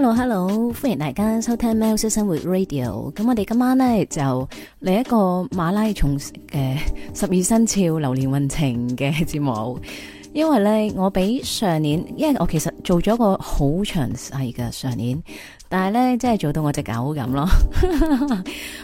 Hello Hello，歡迎大家收聽《喵式生活 Radio》。咁我哋今晚呢，就嚟一個馬拉松嘅十二生肖流年運程嘅節目。因為咧，我比上年，因為我其實做咗個好詳細嘅上年，但係咧，即係做到我隻狗咁咯。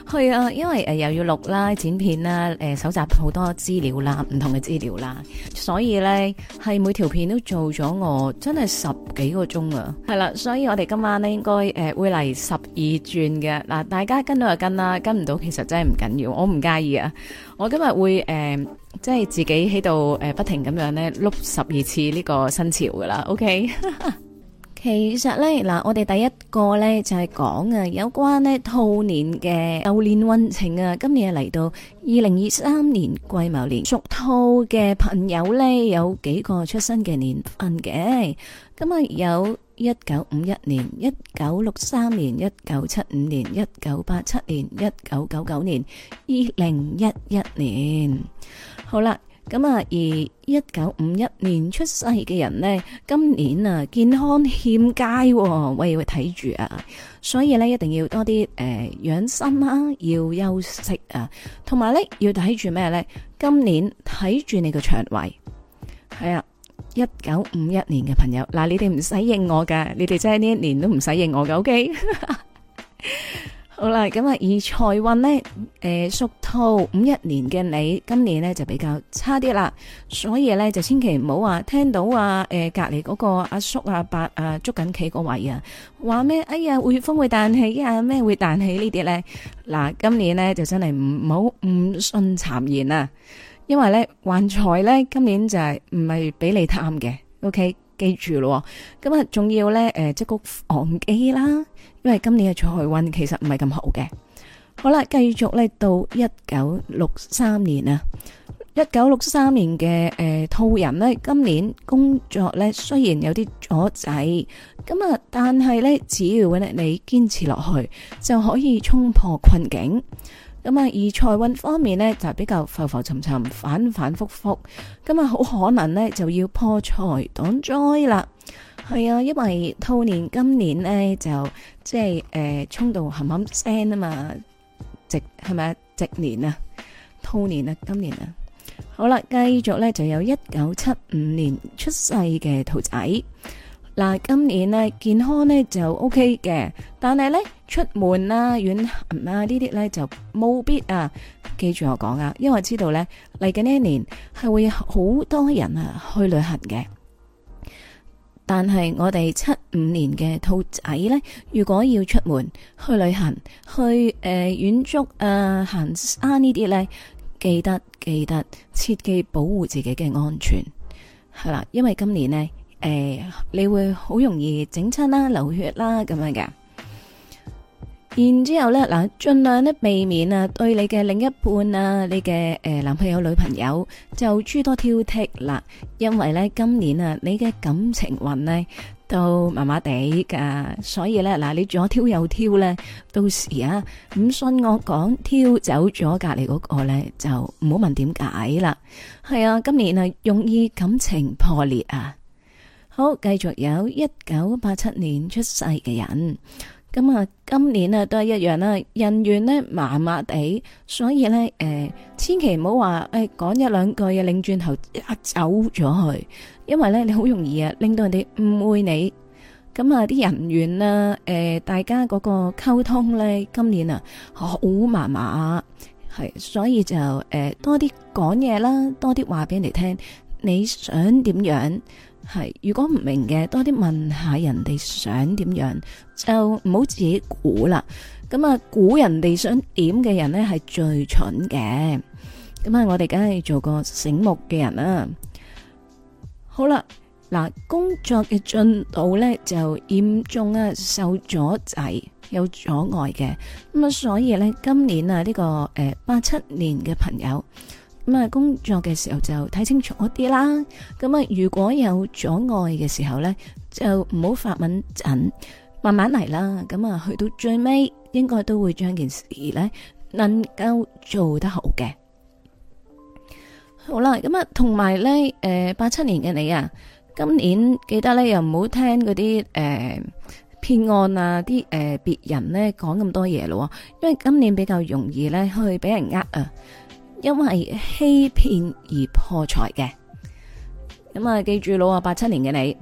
係 啊，因為誒又要錄啦、剪片啦、誒、呃、搜集好多資料啦、唔同嘅資料啦，所以咧係每條片都做咗我真係十幾個鐘啊。係啦，所以我哋今晚咧應該誒、呃、會嚟十二轉嘅嗱，大家跟到就跟啦，跟唔到其實真係唔緊要，我唔介意啊。我今日會誒、呃，即係自己喺度誒，不停咁樣咧，碌十二次呢個新潮㗎喇，OK。 其實咧，嗱，我哋第一個咧就係、是、講啊，有關呢兔年嘅流年運程啊，今年嚟到二零二三年癸卯年，屬兔嘅朋友呢，有幾個出生嘅年份嘅，咁、嗯、啊有一九五一年、一九六三年、一九七五年、一九八七年、一九九九年、二零一一年，好啦。咁啊，而一九五一年出世嘅人呢，今年啊健康欠佳，哦，喂會睇住啊，所以呢一定要多啲誒、呃、養心啦，啊，要休息啊，同埋呢，要睇住咩呢？今年睇住你個腸胃，係啊，一九五一年嘅朋友，嗱你哋唔使認我㗎，你哋真係呢一年都唔使認我㗎，OK。 好啦，咁啊，而財運咧，誒，屬兔五一年嘅你，今年咧就比較差啲啦，所以咧就千祈唔好話聽到啊，誒、呃，隔籬嗰個阿叔阿伯,阿伯啊，捉緊企個位啊，話咩，哎呀，匯豐會彈起啊，咩會彈起呢啲咧，嗱，今年咧就真係唔好唔信讒言啊，因為咧還財咧今年就係唔係俾你貪嘅，OK。記住咯，咁啊，仲要咧，誒，積穀防饑啦，因為今年嘅財運其實唔係咁好嘅。好啦，繼續咧到一九六三年啊，一九六三年嘅誒兔人呢，今年工作咧雖然有啲阻滯，咁啊，但係咧只要咧你堅持落去，就可以衝破困境。咁啊，而財運方面呢，就比較浮浮沉沉、反反覆覆，咁啊，好可能呢，就要破財擋災啦。係啊，因為兔年今年呢，就即係誒衝到冚冚聲啊嘛，直係咪啊直年啊，兔年啊，今年啊。好啦，繼續呢，就有一九七五年出世嘅兔仔，嗱、啊、今年呢，健康呢，就 O K 嘅，但係呢，出門啊遠行啊呢啲呢就務必啊，記住我講啊，因為我知道呢嚟緊呢一年係會好多人啊去旅行嘅，但係我哋七五年嘅兔仔呢，如果要出門去旅行，去誒遠、呃、足啊、行山呢啲呢，記得記得切記保護自己嘅安全，係啦，因為今年呢，誒、呃、你會好容易整親啦、流血啦咁樣嘅。然之後呢，嗱，盡量呢，避免啊，對你嘅另一半啊，你嘅誒、呃、男朋友女朋友就諸多挑剔啦。因為呢，今年啊，你嘅感情運呢都麻麻地噶，所以呢，嗱，你左挑右挑呢，到時啊唔信我講挑走咗隔籬嗰個呢，就唔好問點解啦。係啊，今年啊容易感情破裂啊。好，繼續有一九八七年出世嘅人。咁啊，今年啊都係一樣啦，人緣咧麻麻地，所以咧誒，千祈唔好話誒講一兩句又擰轉頭一走咗去，因為咧你好容易啊令到人哋誤會你。咁啊，啲人緣啊，誒，大家嗰個溝通咧，今年啊好麻麻，係所以就誒多啲講嘢啦，多啲話俾人哋聽，你，你想點樣？係，如果唔明嘅，多啲問下人哋想點樣，就唔好自己估啦。咁啊，估人哋想點嘅人呢係最蠢嘅。咁啊，我哋梗係做個醒目嘅人啦。好啦，嗱，工作嘅進度呢就嚴重啊受阻滯，有阻礙嘅。咁啊，所以呢，今年啊呢個誒八七年嘅朋友。咁啊，工作嘅時候就睇清楚啲啦。咁啊，如果有阻礙嘅時候咧，就唔好發猛進，慢慢嚟啦。咁啊，去到最尾，應該都會將件事咧，能夠做得好嘅。好啦，咁啊，同埋咧，誒，八七年嘅你啊，今年記得咧，又唔好聽嗰啲誒騙案啊，啲誒、呃、別人咧講咁多嘢咯。因為今年比較容易咧去俾人呃啊。因為欺騙而破財嘅，咁啊，記住老話，八七年嘅你，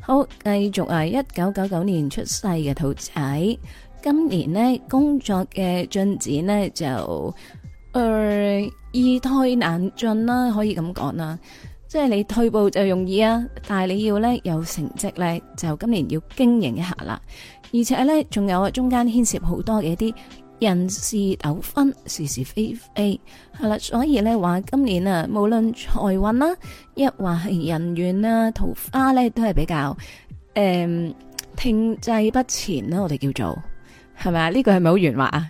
好繼續啊，一九九九年出世嘅兔仔，今年呢工作嘅進展呢就，誒、呃，易退難進啦，可以咁講啦，即係你退步就容易啊，但係你要呢有成績呢，就今年要經營一下啦，而且呢，仲有中間牽涉好多嘅一啲。人事糾紛，是是非非，係啦，所以咧話今年啊，無論財運啦，一話係人緣啊，桃花咧都係比較誒、嗯、停滯不前啦，我哋叫做係咪啊？呢句係咪好圓滑啊？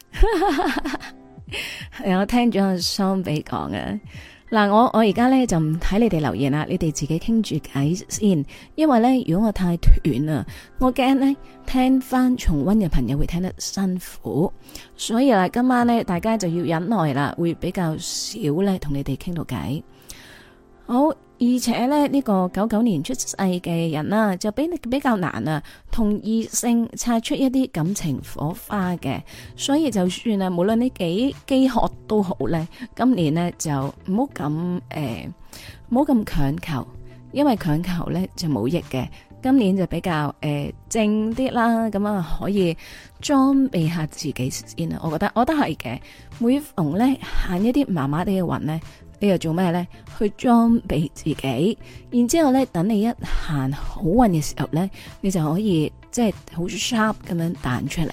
係 我聽咗阿桑比講嘅。嗱，我我而家咧就唔睇你哋留言啦，你哋自己傾住偈先，因為咧如果我太斷啦，我驚咧聽翻重溫嘅朋友會聽得辛苦，所以啦今晚咧大家就要忍耐啦，會比較少咧同你哋傾到偈。好。而且咧呢、這個九九年出世嘅人啦、啊，就比你比較難啊，同異性擦出一啲感情火花嘅，所以就算啊，無論你幾饑渴都好咧，今年咧就唔好咁誒，唔好咁強求，因為強求咧就冇益嘅。今年就比較誒、呃、正啲啦，咁啊可以裝備一下自己先啦。我覺得我都係嘅，每逢咧行一啲麻麻哋嘅運咧。你又做咩呢？去裝備自己，然之後呢，等你一行好運嘅時候呢，你就可以即係好 sharp 咁樣彈出嚟。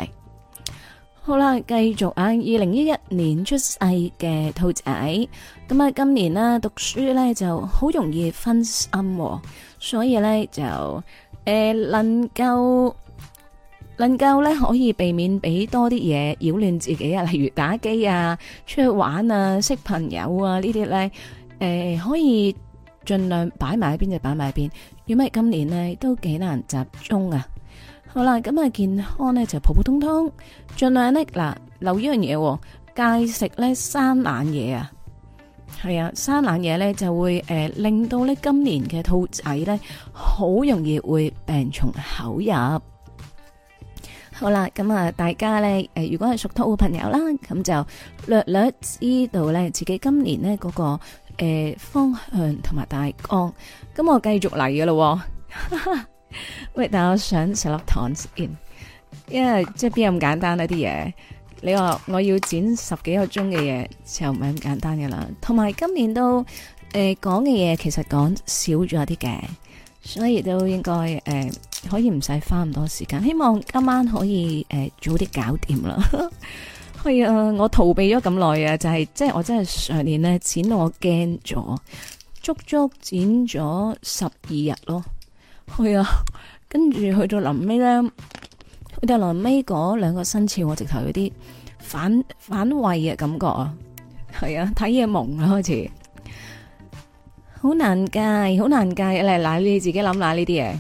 好啦，繼續啊！二零一一年出世嘅兔仔，咁、嗯、啊，今年啦、啊，讀書呢就好容易分心、哦，所以呢，就誒、呃、能夠。能夠咧可以避免俾多啲嘢擾亂自己啊，例如打機啊、出去玩啊、識朋友啊呢啲咧，誒、呃、可以盡量擺埋邊就擺埋邊。因為今年咧都幾難集中啊。好啦，咁啊健康咧就普普通通，盡量呢嗱留一樣嘢戒食咧生冷嘢啊。係啊，生冷嘢咧就會誒、呃、令到咧今年嘅兔仔咧好容易會病從口入。好啦，咁啊，大家咧，誒，如果係屬兔嘅朋友啦，咁就略略知道咧，自己今年咧、那、嗰個誒、呃、方向同埋大綱，咁、哦、我繼續嚟嘅咯。喂，但我想食粒糖先，因為即係邊咁簡單呢啲嘢？你話我要剪十幾個鐘嘅嘢，就唔係咁簡單噶啦。同埋今年都誒講嘅嘢，其實講少咗啲嘅。所以都應該誒、呃，可以唔使花咁多時間。希望今晚可以誒、呃、早啲搞掂啦。係 啊，我逃避咗咁耐啊，就係、是、即係我真係上年咧剪到我驚咗，足足剪咗十二日咯。係啊，跟住去到臨尾咧，去到臨尾嗰兩個生肖，我直頭有啲反反胃嘅感覺啊。係啊，睇嘢蒙啦開始。好難計，好難計嚟嗱，你自己諗下呢啲嘢。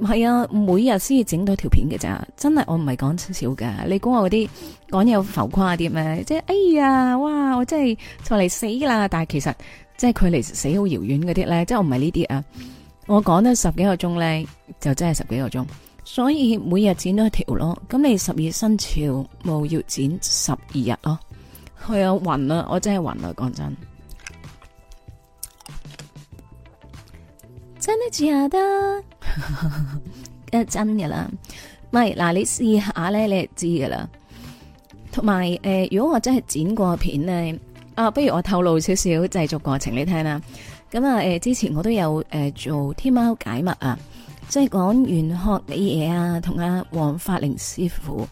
係啊，每日先要整到條片嘅咋，真係我唔係講少噶。你估我嗰啲講嘢好浮誇啲咩？即係，哎呀，哇，我真係就嚟死啦！但係其實即係距離死好遙遠嗰啲咧，即係我唔係呢啲啊？我講得十幾個鐘咧，就真係十幾個鐘。所以每日剪到一條咯，咁你十二生肖冇要剪十二日咯。我有暈啊，我真係暈 啊。講真，真都似下得，真嘅啦，唔係嗱，你試下咧，你係知噶啦。同埋誒，如果我真係剪過片咧，啊，不如我透露少少製作過程你聽啦。咁啊，誒、呃，之前我都有誒、呃、做天貓解密啊，即係講玄學嘅嘢啊，同阿黃發玲師傅。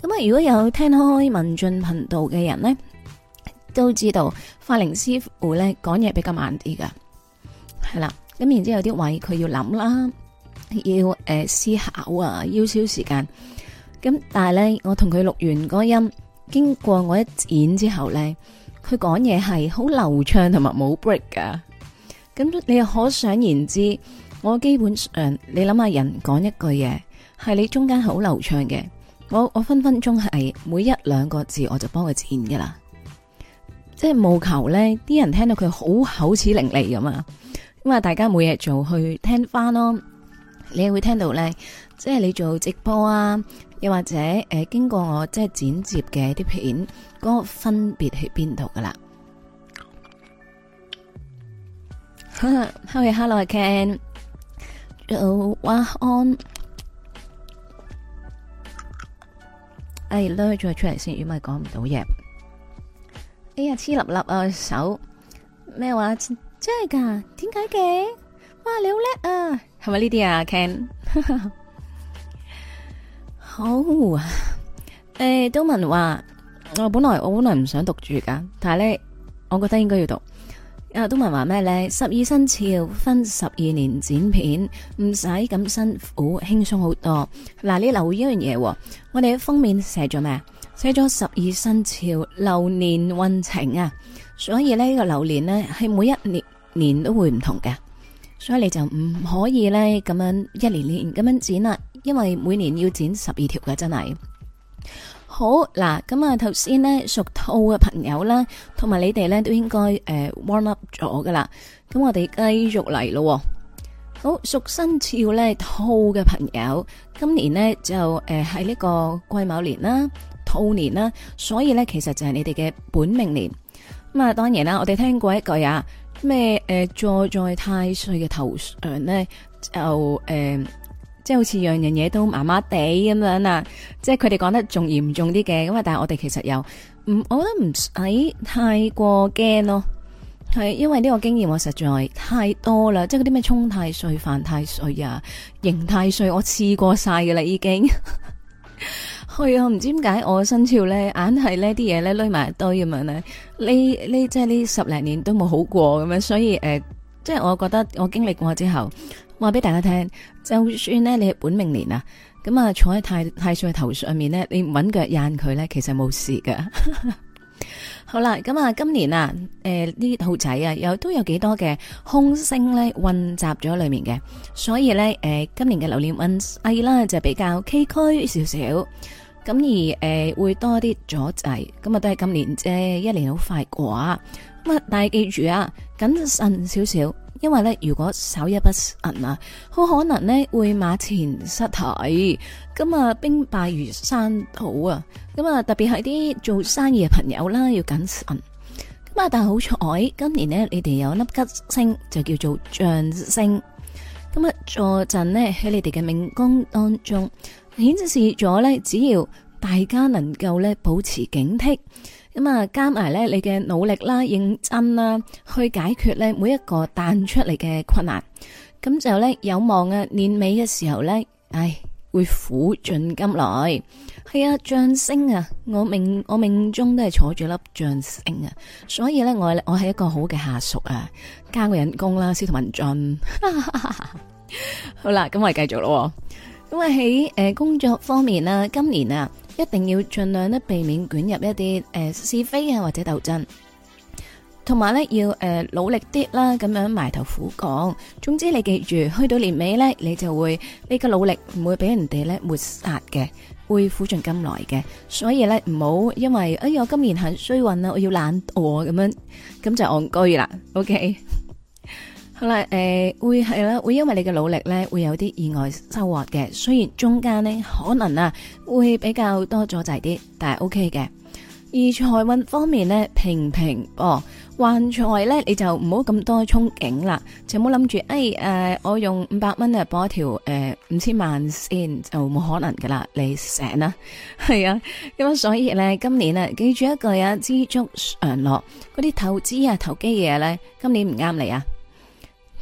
咁啊，如果有聽開文進頻道嘅人咧。都知道法令，法靈師傅咧講嘢比較慢啲噶，係啦。咁然之後，有啲位佢要諗啦，要誒、呃、思考啊，要消時間。咁但係咧，我同佢錄完嗰音，經過我一剪之後咧，佢講嘢係好流暢同埋冇 break 噶。咁你又可想而知，我基本上你諗下人講一句嘢，係你中間好流暢嘅，我我分分鐘係每一兩個字我就幫佢剪噶啦。即係務求咧，啲人聽到佢好口齒伶俐咁啊！咁啊，大家每日就，去聽翻咯。你會聽到咧，即係你做直播啊，又或者誒，經過我即係剪接嘅啲片，嗰、嗰個分別喺邊度噶啦？哈、 哎，hello Ken，早安，誒，load 咗出嚟先，如果唔係講唔到嘢。哎呀，黐立立啊，手咩話？真係噶？點解嘅哇，你好叻啊，係咪呢啲啊 Ken 好啊，誒，東文話、呃、我本來我本來唔想讀住噶，但係咧我覺得應該要讀啊，東文話咩咧，十二生肖分十二年，剪片唔使咁辛苦，輕鬆好多。嗱、啊、你留意呢樣嘢，我哋嘅封面寫咗咩啊寫咗十二生肖流年運程啊，所以呢個流年呢係每一年年都會唔同嘅，所以你就唔可以呢咁樣一年年咁樣剪啦，因為每年要剪十二條嘅，真係好嗱。咁啊，頭先呢，屬兔嘅朋友啦，同埋你哋呢，都應該誒、呃、warm up 咗噶啦。咁我哋繼續嚟咯，好屬生肖呢，兔嘅朋友，今年呢，就誒係呢個癸卯年啦。兔年啦，所以咧其實就係你哋嘅本命年咁啊。當然啦，我哋聽過一句啊，咩誒、呃、坐在太歲嘅頭上咧就誒、呃，即係好似樣樣嘢都麻麻地咁樣啊。即係佢哋講得仲嚴重啲嘅，咁啊。但係我哋其實又唔，我覺得唔使太過驚咯。係因為呢個經驗我實在太多啦，即係嗰啲咩沖太歲、犯太歲啊、刑太歲，我試過晒㗎啦已經。 係啊，唔、嗯、知點解我生肖咧，硬係呢啲嘢咧攞埋一堆咁樣咧，呢呢即係呢十零年都冇好過咁樣，所以誒、呃，即係我覺得我經歷過之後，話俾大家聽，就算咧你係本命年啊，咁啊坐喺太太歲頭上面咧，你穩腳印佢咧，其實冇事噶。 好啦，咁、嗯、啊，今年啊，誒、呃，啲兔仔啊，又都有幾多嘅空星咧混雜咗裏面嘅，所以咧，誒、呃，今年嘅流年運，阿二啦就比較崎嶇少少。咁而誒、呃、會多啲阻滯，咁啊都係今年啫、呃，一年好快過啊！咁啊，但係記住啊，謹慎少少，因為咧如果手一不慎啊，好可能咧會馬前失蹄，咁啊兵敗如山土啊！咁啊特別係啲做生意嘅朋友啦，要謹慎。咁啊，但係好彩，今年呢，你哋有粒吉星，就叫做象星。咁啊，坐陣呢，喺你哋嘅命宮當中。顯示咗咧，只要大家能夠咧保持警惕，咁啊加埋咧你嘅努力啦、認真啦，去解決咧每一個彈出嚟嘅困難，咁就咧有望啊年尾嘅時候咧，唉會苦盡甘來。係啊，將星啊，我命我命中都係坐住粒將星啊，所以咧我我係一個好嘅下屬啊，加個人工啦，司徒文進哈哈，好啦，咁我哋繼續咯。因為喺誒工作方面啦，今年啊，一定要盡量咧避免捲入一啲誒是非啊或者鬥爭，同埋咧要誒努力啲啦，咁樣埋頭苦幹。總之你記住，去到年尾咧，你就會呢個努力唔會俾人哋咧抹殺嘅，會苦盡甘來嘅。所以咧唔好因為哎我今年很衰運啊，我要懶惰咁樣，咁就戇居啦。OK。好啦，誒、呃，會係啦，會因為你嘅努力咧，會有啲意外收穫嘅。雖然中間呢可能啊會比較多阻滯啲，但係 O K 嘅。而財運方面咧平平哦，橫財咧你就唔好咁多憧憬啦，就唔好諗住誒誒，我用五百蚊啊博條誒五千萬先就冇可能噶啦，你醒啦，係啊。咁所以咧今年啊，記住一個啊，知足常樂。嗰啲投資啊、投機嘅嘢咧，今年唔啱你啊。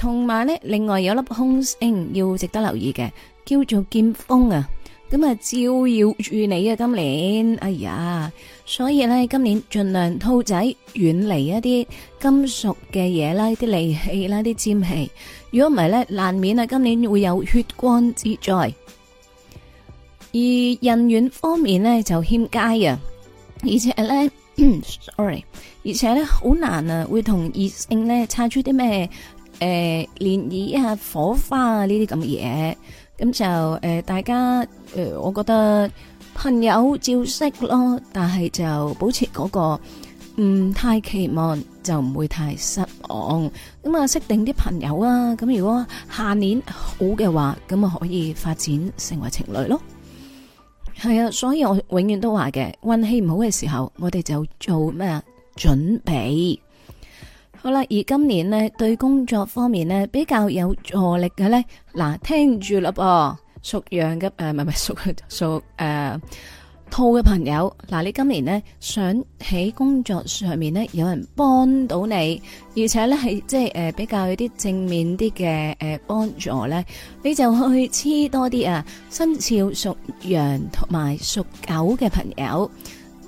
同埋咧，另外有粒空星要值得留意嘅，叫做劍鋒啊，咁啊照耀住你啊。今，今年哎呀，所以咧今年盡量兔仔遠離一啲金屬嘅嘢啦，啲利器啦，啲尖器。如果唔係咧，難免啊，今年會有血光之災。而人緣方面咧就欠佳啊，而且咧，sorry，而且咧好難啊，會同異性咧擦出啲咩？誒，漣漪啊，火花啊，呢啲咁嘅嘢，咁就誒，大家誒，我覺得朋友照識咯，但係就保持嗰個唔太期望，就唔會太失望。咁啊，識定啲朋友啊，咁如果下年好嘅話，咁啊可以發展成為情侶咯。係啊，所以我永遠都話嘅，運氣唔好嘅時候，我哋就做咩準備？好啦，而今年呢對工作方面呢比較有助力嘅呢。嗱聽住啦噃，屬羊嘅誒，唔係唔係屬屬誒兔嘅朋友，嗱你今年呢，想喺工作上面呢有人幫到你，而且呢係即係誒、呃、比較有啲正面啲嘅誒幫助呢，你就去黐多啲啊，生肖屬羊同埋屬狗嘅朋友。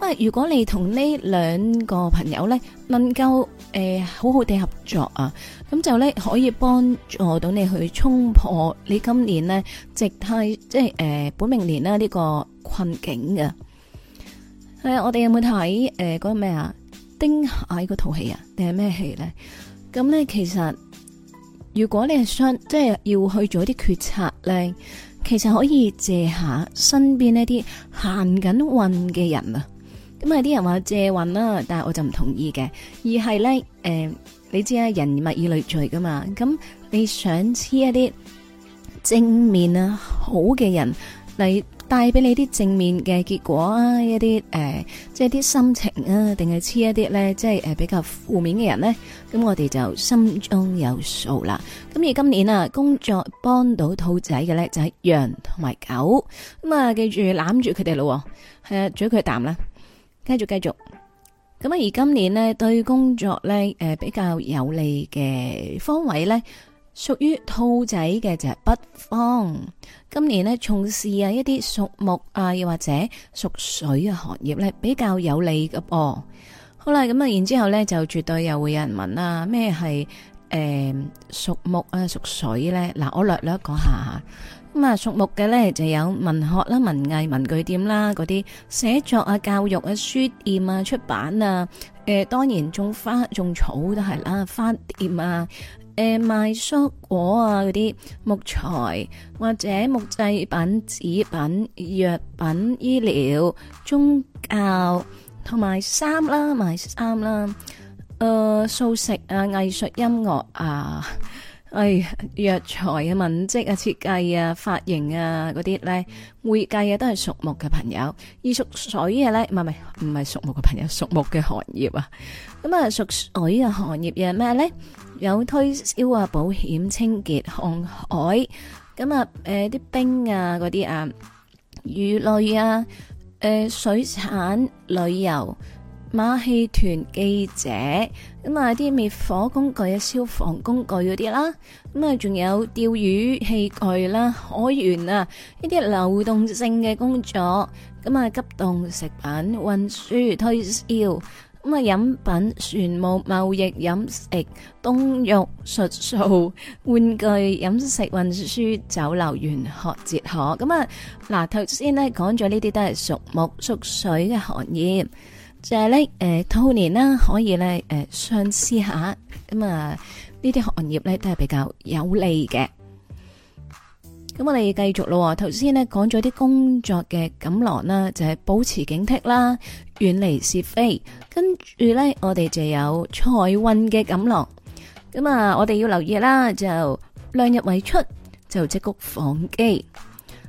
咁，如果你同呢兩個朋友咧，能夠誒好好地合作啊，咁就咧可以幫助到你去衝破你今年咧直太，即係誒本命年啦呢個困境嘅。係啊，我哋有冇睇誒嗰個咩啊？丁蟹嗰套戲啊，定係咩戲咧？咁咧，其實如果你係想即係要去做一啲決策咧，其實可以借下身邊一啲行緊運嘅人啊。咁啊！啲人話借運啦，但係我就唔同意嘅。而係咧，誒、呃，你知啊，人物以類聚噶嘛。咁你想黐一啲正面啊好嘅人嚟帶俾你啲正面嘅結果啊，一啲誒，即係啲心情啊，定係黐一啲咧，即係誒比較負面嘅人咧。咁我哋就心中有數啦。咁而今年啊，工作幫到兔仔嘅咧，就係羊同埋狗。咁啊，記住攬住佢哋咯，係啊，嘴佢啖啦。繼續繼續，咁啊，而今年呢，對工作呢，誒，比較有利嘅方位呢，屬於兔仔嘅就係北方。今年呢，從事啊一啲屬木啊，又或者屬水嘅行業呢，比較有利嘅噃。好啦，咁啊然之後呢，就絕對又會有人問啦，咩係誒屬木啊屬水呢？嗱，我略略講下吓咁啊，屬木嘅咧就有文學啦、文藝文具店啦嗰啲寫作啊、教育啊、書店啊、出版啊，誒，當然種花種草都係啦，花店啊，誒，賣蔬果啊嗰啲木材或者木製品、紙品、藥品、醫療、宗教同埋衫啦，賣衫啦，誒，素食啊、藝術、音樂啊。哎藥材啊、文職啊、設計啊、髮型啊嗰啲咧，會計啊都係屬木嘅朋友。而屬水嘅咧，唔係唔係唔係屬木嘅朋友，屬木嘅行業啊。咁啊，屬水嘅行業又係咩咧？有推銷啊、保險、清潔、航海。咁、呃、啊，誒，啲冰啊嗰啲啊，魚類啊，誒、呃，水產、旅遊。馬戲團記者，咁啊啲滅火工具啊、消防工具嗰啲啦，咁啊仲有釣魚器具啦、海員啊呢啲流動性嘅工作，咁啊急凍食品運輸推銷，咁啊飲品、船務貿易、飲食、冬肉、術數、玩具、飲食運輸、酒樓員、學哲學，咁啊嗱，頭先咧講咗呢啲都係屬木屬水嘅行業。就係、是、咧，誒、呃、兔年啦，可以咧，誒、呃、相思下，咁啊呢啲行業咧都係比較有利嘅。咁我哋繼續咯，頭先咧講咗啲工作嘅錦囊啦，就係、是、保持警惕啦，遠離是非。跟住咧，我哋就有財運嘅錦囊。咁啊，我哋要留意啦，就量入為出，就積穀防饑。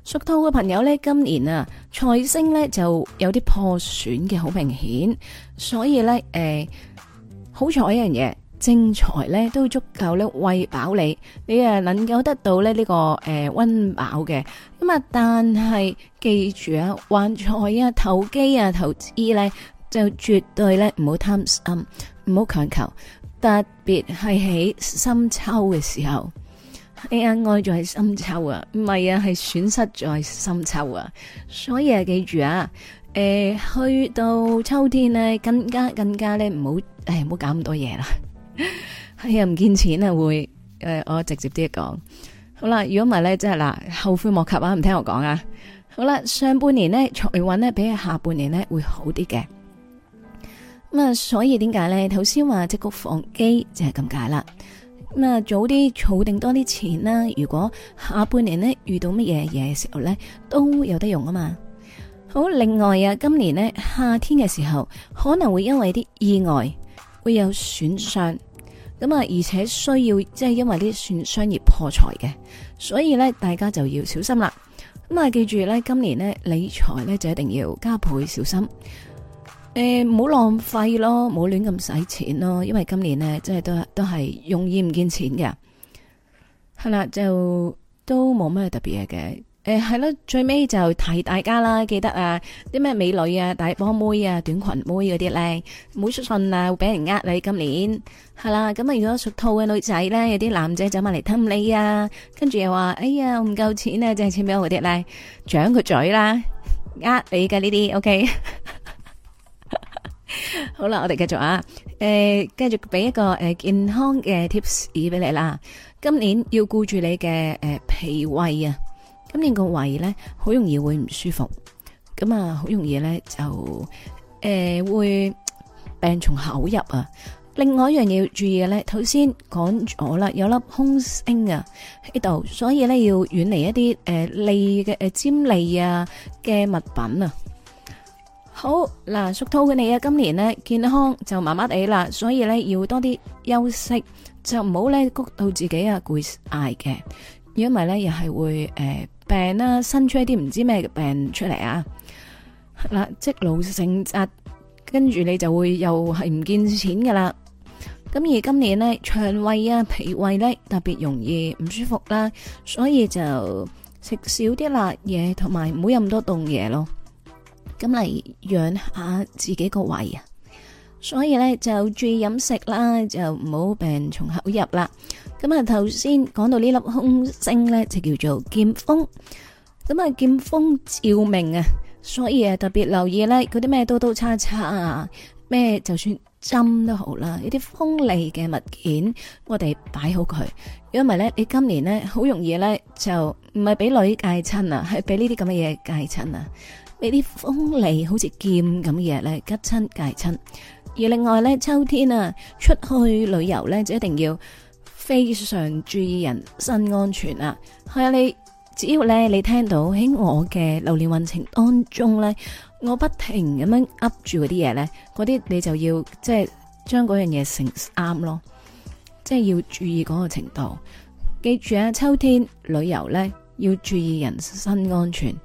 屬兔嘅朋友咧，今年啊財星咧就有啲破損嘅，好明顯。所以咧，誒、呃、好彩一樣嘢，正財咧都足夠咧喂飽你，你啊能夠得到咧、這、呢個誒温飽嘅。咁、呃、啊，但係記住啊，玩財啊、投機啊、投資咧，就絕對咧唔好貪心，唔好強求，特別係喺深秋嘅時候。哎呀，愛在深秋啊，唔係啊，係損失在深秋啊，所以啊，記住啊，誒、呃，去到秋天呢、啊，更加更加咧，唔好誒，唔、哎、好搞咁多嘢啦，又 唔、哎、見錢啊，會誒、呃，我直接啲講，好啦，如果唔係咧，真係嗱，後悔莫及啊，唔聽我講啊，好啦，上半年呢，財運呢，比下半年呢，會好啲嘅，咁啊，所以點解咧？頭先話積穀防饑就係咁解啦。咁啊，早啲儲定多啲錢啦！如果下半年呢，遇到乜嘢嘢時候呢，都有得用啊嘛。好，另外啊，今年呢，夏天嘅時候可能會因為啲意外會有損傷，咁啊而且需要即係、就是、因為啲損傷而破財嘅，所以呢，大家就要小心啦。咁啊，記住呢，今年呢，理財呢就一定要加倍小心。誒，唔好浪費咯，唔好亂咁使錢咯，因為今年咧，真係都都係用意唔見錢嘅，係啦，就都冇咩特別嘅，誒係咯，最尾就提大家啦，記得啊，啲咩美女啊，大波妹啊，短裙妹嗰啲呢，唔好出信啊，會俾人呃你。今年係啦，咁啊，如果屬兔嘅女仔咧，有啲男仔走埋嚟氹你啊，跟住又話，哎呀，唔夠錢啊，借錢俾我嗰啲呢，掌佢嘴啦，呃你嘅呢啲，ok。好啦，我哋繼續啊，誒、呃，繼續俾一個誒、呃、健康嘅 tips 俾你啦。今年要顧住你嘅誒脾胃啊，今年個胃咧，好容易會唔舒服，咁啊好容易咧就誒、呃、會病從口入啊。另外一樣嘢要注意嘅咧，頭先講咗啦，有粒空星啊喺度，所以咧要遠離一啲誒、呃、利嘅誒尖利啊嘅物品啊。好嗱，屬兔嘅你啊！今年呢，健康就麻麻地啦，所以呢，要多啲休息，就唔好呢谷到自己啊攰捱嘅，如果唔係咧又係會誒、呃、病啦、啊，生出一啲唔知咩嘅病出嚟啊！嗱、啊，積勞成疾，跟、啊、住你就會又係唔見錢噶啦。咁而今年呢，腸胃啊、脾胃呢，特別容易唔舒服啦，所以就食少啲辣嘢，同埋唔好飲咁多凍嘢咯。咁嚟養下自己個胃啊，所以咧就注意飲食啦，就唔好病從口入啦。咁啊，頭先講到呢粒空星咧，就叫做劍鋒。咁啊，劍鋒照命啊，所以啊特別留意咧嗰啲咩刀刀叉叉啊，咩就算針都好啦，呢啲鋒利嘅物件，我哋擺好佢。如果唔係咧，你今年咧好容易咧就唔係俾女戒親啊，係俾呢啲咁嘅嘢戒親啊。俾啲鋒利好似劍咁嘅嘢咧，吉親戒親。而另外咧，秋天啊，出去旅遊咧，就一定要非常注意人身安全啊。係啊，你只要咧，你聽到喺我嘅流年運程當中咧，我不停咁樣噏住嗰啲嘢咧，嗰啲你就要即係將嗰樣嘢成啱咯，即係要注意嗰個程度。記住啊，秋天旅遊咧，要注意人身安全。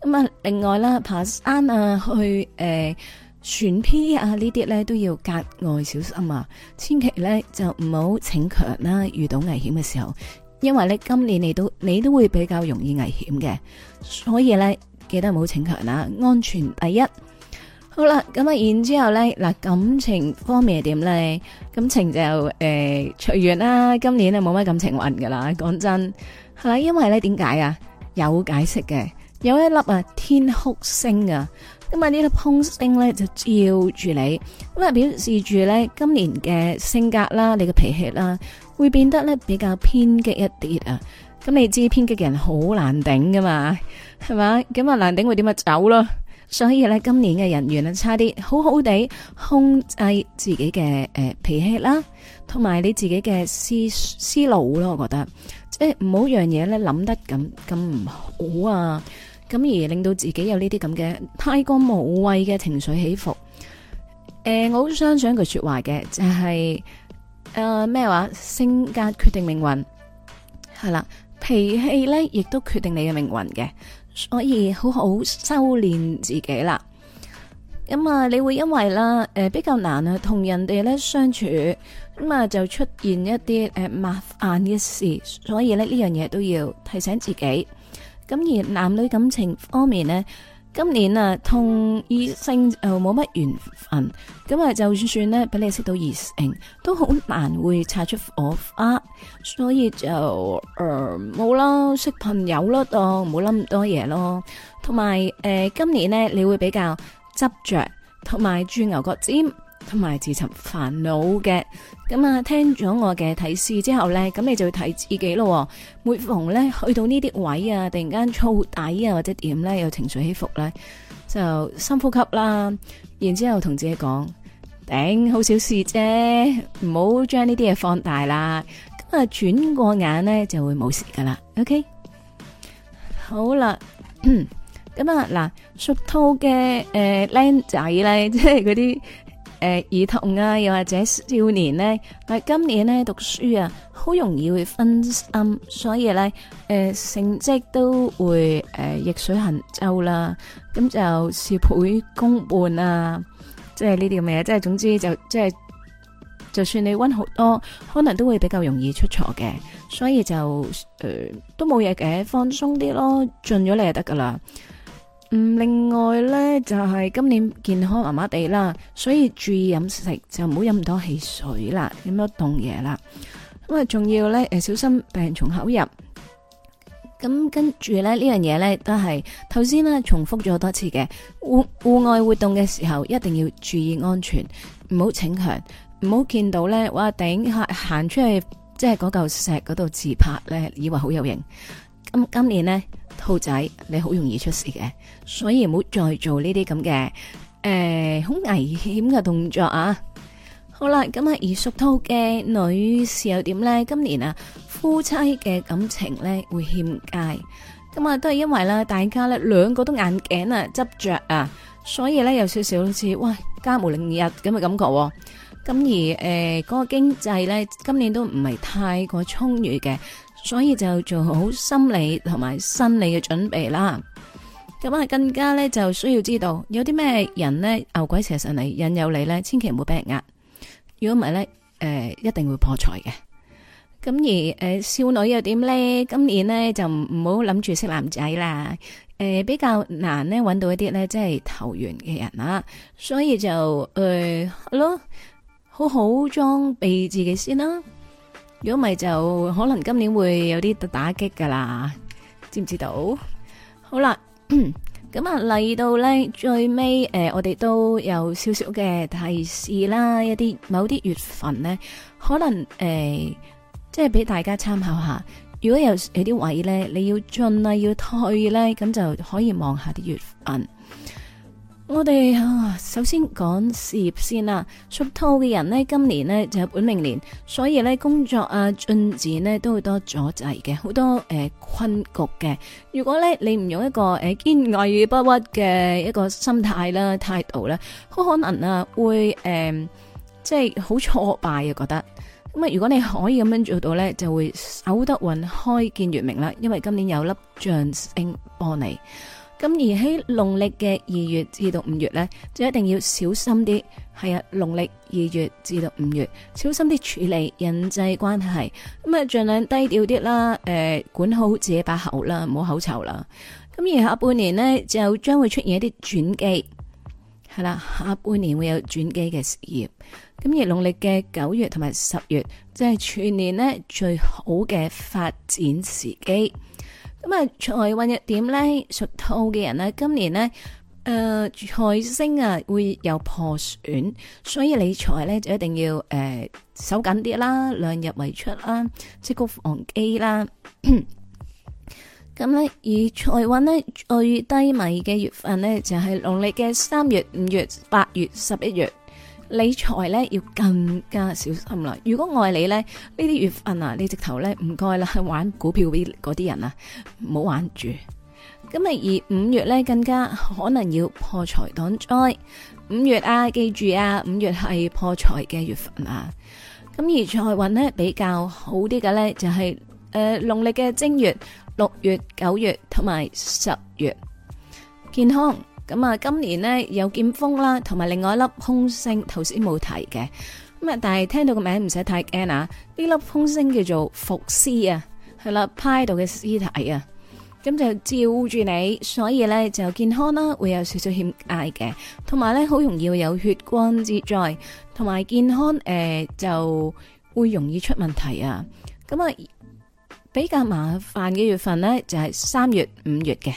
咁啊，另外啦，爬山啊，去誒、呃、船 P 啊呢，呢啲咧都要格外小心啊。千祈咧就唔好逞強啦。遇到危險嘅時候，因為咧今年你都你都會比較容易危險嘅，所以咧記得唔好逞強啦，安全第一。好啦，咁啊，然之後咧嗱，感情方面係點咧？感情就誒隨緣啦。今年啊冇乜感情運噶啦，講真係啦，因為咧點解啊？有解釋嘅。有一粒啊天哭星啊，咁啊呢粒烹星咧就照住你，咁啊表示住咧今年嘅性格啦，你嘅脾氣啦，會變得咧比較偏激一啲啊。咁你知偏激嘅人好難頂噶嘛，係咪？咁啊難頂會點樣走咯。所以咧今年嘅人緣啊差啲，好好地控制自己嘅誒、呃、脾氣啦，同埋你自己嘅思思路咯，我覺得即係唔好樣嘢咧諗得咁咁唔好啊。咁而令到自己有呢啲咁嘅太過無謂嘅情緒起伏，誒、呃，我好相信一句說話嘅、就是，就係誒咩話性格決定命運，係啦，脾氣咧亦都決定你嘅命運嘅，所以好好修煉自己啦。咁、嗯、啊，你會因為啦，誒、呃、比較難啊，同人哋咧相處，咁、嗯、啊就出現一啲誒麻煩嘅事，所以咧呢樣嘢都要提醒自己。咁而男女感情方面咧，今年啊同異性誒冇乜緣分，咁啊就算咧俾你識到異性都好難會擦出火花，所以就誒冇、呃、啦，識朋友囉，當冇諗咁多嘢咯。同埋誒，今年咧你會比較執着，同埋鑽牛角尖，同埋自尋煩惱嘅。咁啊，聽咗我嘅提示之後咧，咁你就要睇自己咯。每逢咧去到呢啲位啊，突然間燥底啊或者點咧，有情緒起伏咧，就深呼吸啦。然之後同自己講：頂，好小事啫，唔好將呢啲嘢放大啦。咁啊，轉過眼咧就會冇事噶啦。OK，好啦，咁啊嗱屬兔嘅誒僆仔咧，即係嗰啲。誒，兒、呃、童，啊，又或者少年咧，但係今年咧讀書啊，好容易會分心，所以咧，誒、呃、成績都會誒逆、呃、水行舟啦，咁就事倍功半啊，即係呢啲咁嘢，即係總之就即係，就算你溫好多，可能都會比較容易出錯嘅，所以就誒、呃、都冇嘢嘅，放鬆啲咯，盡咗你就得噶啦。嗯，另外呢，就係今年健康麻麻地啦，所以注意飲食就唔好飲咁多汽水啦，飲多凍嘢啦。咁啊，仲要呢，誒，小心病從口入。咁跟住呢，呢樣嘢呢，都係頭先呢重複咗好多次嘅，戶戶外活動嘅時候一定要注意安全，唔好逞強，唔好見到呢哇頂行出去即係嗰嚿石嗰度自拍呢，以為好有型。今今年呢。兔仔，你好容易出事嘅，所以唔好再做呢啲咁嘅，誒、呃，好危險嘅動作啊！好啦，咁啊，而屬兔嘅女士又點咧？今年啊，夫妻嘅感情咧會欠佳，咁啊都係因為啦大家咧兩個都眼鏡啊執着啊，所以咧有少少好似嘩，家無寧日咁嘅感覺、啊。咁而誒嗰、呃那個經濟咧，今年都唔係太過充裕嘅。所以就做好心理同埋生理嘅準備啦。咁啊，更加咧就需要知道有啲咩人咧牛鬼蛇神嚟引誘你咧，千祈唔好俾人呃。如果唔係咧，誒、呃，一定會破財嘅。咁而誒、呃，少女又點咧？今年咧就唔好諗住識男仔啦。誒、呃，比較難咧搵到一啲咧即係投緣嘅人啦。所以就誒，咯、呃 嗯，好好裝備自己先啦。如果唔係就可能今年會有啲打擊噶啦，知唔知道？好啦，咁啊嚟到咧最尾誒、呃，我哋都有少少嘅提示啦，一啲某啲月份咧可能誒、呃，即係俾大家參考一下。如果有有啲位咧，你要進啊要退咧，咁就可以望下啲月份。我哋啊，首先講事業先啦。屬兔嘅人呢，今年呢就本命年，所以呢工作啊進展呢都會多阻滯嘅，好多誒、呃、困局嘅。如果呢你唔用一個誒堅、呃、毅不屈嘅一個心態啦，態度呢好可能啊會誒、呃、即係好挫敗啊覺得。咁啊，如果你可以咁樣做到呢，就會守得雲開見月明啦。因為今年有粒象星幫你。咁而喺農曆嘅二月至到五月呢，就一定要小心啲。係啊，農曆二月至到五月，小心啲處理人際關係。咁啊，盡量低調啲啦，誒、呃，管好自己把口啦，唔好口臭啦。咁而下半年呢，就將會出現一啲轉機，係啦、啊，下半年會有轉機嘅事業。咁而農曆嘅九月同埋十月，即、就、係、是、全年呢最好嘅發展時機。咁啊，財運又點咧？屬兔嘅人咧，今年咧，誒、呃，財星啊會有破損，所以理財咧就一定要誒、呃、守緊啲啦，量入為出啦，積谷防饑啦。咁咧，而財運咧最低迷嘅月份咧，就係農曆嘅三月、五月、八月、十一月。理財咧要更加小心啦！如果愛你咧呢啲月份啊，你直頭咧唔該啦，玩股票嗰啲嗰啲人啊，唔好玩住。咁啊，而五月咧更加可能要破財擋災。五月啊，記住啊，五月係破財嘅月份啊。咁而財運咧比較好啲嘅咧，就係誒農曆嘅正月、六月、九月同埋十月。健康。咁啊，今年咧有劍鋒啦，同埋另外一粒凶星，頭先冇提嘅。咁啊，但係聽到個名唔使太驚啊，呢粒凶星叫做伏屍啊，係啦，趴喺度嘅屍體啊，咁就照住你，所以咧就健康啦，會有少少欠嗌嘅,同埋咧好容易會有血光之災，同埋健康誒、呃、就會容易出問題啊。咁啊，比較麻煩嘅月份咧就係、是、三月、五月嘅。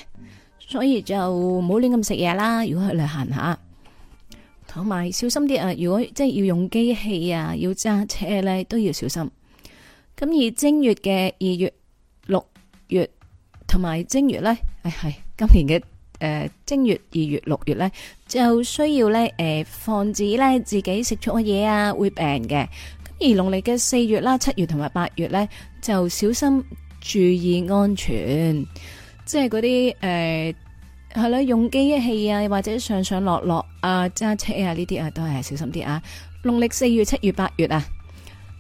所以就唔好亂咁食嘢啦。如果去旅行下，同埋小心啲啊！如果即係要用機器啊，要揸車咧，都要小心。咁而正月嘅二月、六月同埋正月咧，係、哎、係今年嘅誒、呃、正月、二月、六月咧，就需要咧誒、呃、防止咧自己食錯嘢啊會病嘅。而農曆嘅四月啦、七月同埋八月咧，就小心注意安全，即係嗰啲誒。呃係啦，用機器啊，或者上上落落啊，揸車啊呢啲啊，都係小心啲啊！農曆四月、七月、八月啊。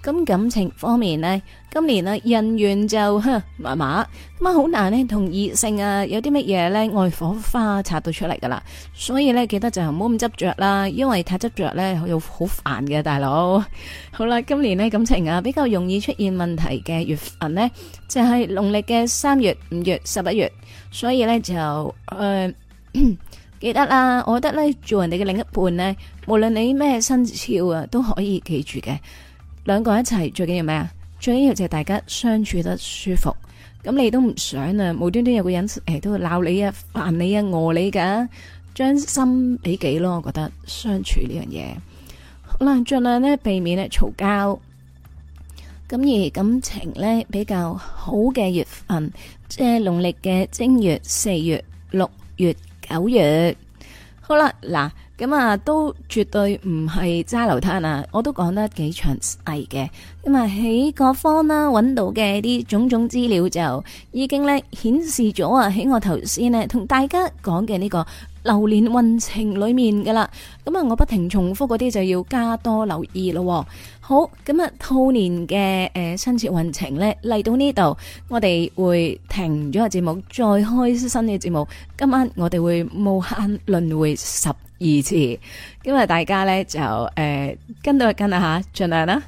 咁感情方面呢，今年呢，人緣就哼麻麻，咁啊好難呢，同異性啊有啲乜嘢呢，愛火花擦到出嚟噶啦，所以呢，記得就唔好咁執着啦，因為太執着呢，又好煩嘅大佬。好啦，今年呢，感情啊比較容易出現問題嘅月份呢，就係農曆嘅三月、五月、十一月，所以呢，就、呃、誒記得啦，我覺得呢，做人哋嘅另一半呢，無論你咩生肖啊都可以記住嘅。兩個一齊最緊要咩啊？最緊要就係大家相處得舒服。咁你都唔想啊，無端端有個人誒、呃、都會鬧你啊、煩你啊、餓、呃、你噶、啊，將心比己咯。我覺得相處呢樣嘢，可能盡量呢避免咧嘈交。咁而感情呢，比較好嘅月份，即係農曆嘅正月、四月、六月、九月。好啦，嗱。咁啊、嗯，都絕對唔係揸流攤啊！我都講得幾詳細嘅。咁、嗯、啊，喺各方啦揾到嘅啲種種資料就已經咧顯示咗啊，喺我頭先咧同大家講嘅呢個流年運程裏面噶啦。咁、嗯、啊，我不停重複嗰啲就要加多留意咯、哦。好，咁、嗯、啊，兔年嘅誒、呃、新設運程咧嚟到呢度，我哋會停咗個節目，再開新嘅節目。今晚我哋會無限輪回十。二字，今日大家咧就誒、呃、跟，就跟 到跟啦吓，盡量啦。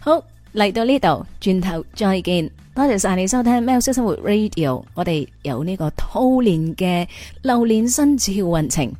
好，嚟到呢度，轉頭再見，多謝晒你收聽《喵式生活 Radio》，我哋有呢個兔年嘅流年生肖運程。